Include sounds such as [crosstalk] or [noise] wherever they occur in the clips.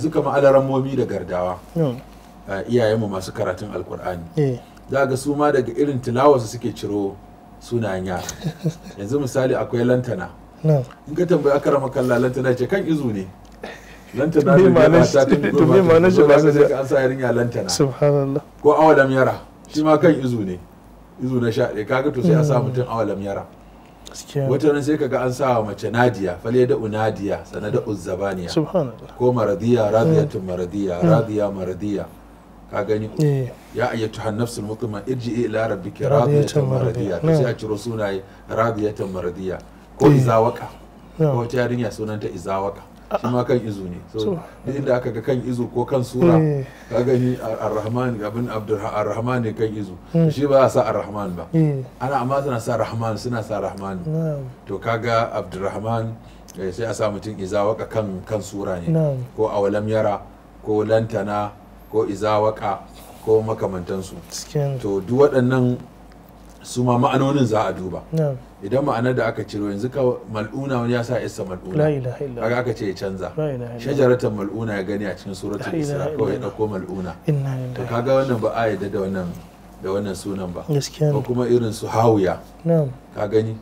yanzu kama alaran momi da gardawa iyayenmu masu karatun alkur'ani eh. za ga su ma daga irin tilawarsu suke ciro sunayen yara [laughs] yanzu misali akwai lantana in ka tambaya aka rama kalla lantana ce kan izu ne lantana da biya ta tun gurma ta ba sai ka an sa yarinya lantana ko awalam yara shi ma kan izu ne izu na sha ɗaya kaga to sai a sa mutum awalam yara wata nan sai kaga an sawa mace nadiya fale da unadiya sana da uzzabaniya ko maradiya radiyatun hmm. maradiya radiya hmm. maradiya ka gani eh. ya ayyatu hannafsul mutuma irji ila rabbiki radiyatan maradiya to sai a hmm. ciro sunaye radiyatan maradiya ko eh. izawaka ko wata yarinya sunanta izawaka shi ma kan izu ne so inda aka ga kan izu ko kan sura eh. ka gani ar-rahman abin abdurrahman ne kan izu hmm. shi ba sa ar-rahman ba eh. ana amma suna sa rahman suna sa rahman to kaga abdurrahman eh, sai a sa mutum izawaka kan kan sura ne ko awalam yara ko lantana ko izawaka ko makamantansu to duk waɗannan su ma ma'anonin za a duba idan ma'anar da aka ciro yanzu ka mal'una wani ya sa isa mal'una kaga aka ce ya canza shajaratan mal'una ya gani a cikin suratul isra kawai ya dauko mal'una to kaga wannan ba a yadda da wannan da wannan sunan ba ko kuma irin su hawuya ka gani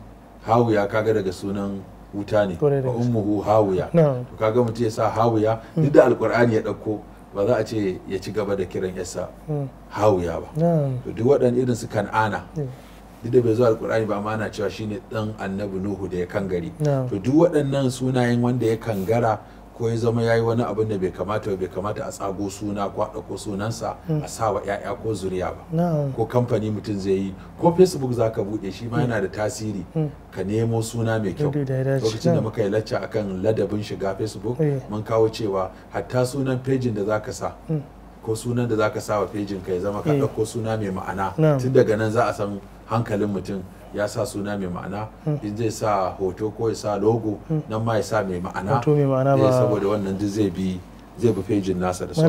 hawuya kaga daga sunan wuta ne ba ummuhu hawuya to kaga mutum ya sa hawuya duk da alqur'ani ya dauko ba za a ce ya ci gaba da kiran yasa hawuya hmm. ba to duk waɗannan irin su kan'ana hmm. duk da bai zo alkur'ani ba ma na cewa shine dan annabi nuhu da ya kangare to duk waɗannan sunayen wanda ya kangara ko ya zama yayi wani abin da bai kamata bai kamata a tsago suna ko a ɗauko sunansa hmm. a sa wa ƴaƴa ko zuriya ba ko kamfani mutum zai yi ko facebook zaka buɗe shi ma hmm. yana da tasiri hmm. ka nemo suna mai kyau lokacin da muka yi lacca akan ladabin shiga facebook eh. mun kawo cewa hatta sunan pejin da zaka sa ko sunan da zaka sa wa pejin ka ya zama ka eh. ɗauko suna mai ma'ana tun daga nan za a san hankalin mutum ya sa suna mai ma'ana hmm. in zai sa hoto ko ya sa logo hmm. nan ma ya sa mai ma'ana eh, saboda wannan duk zai bi zai bi fejin nasa da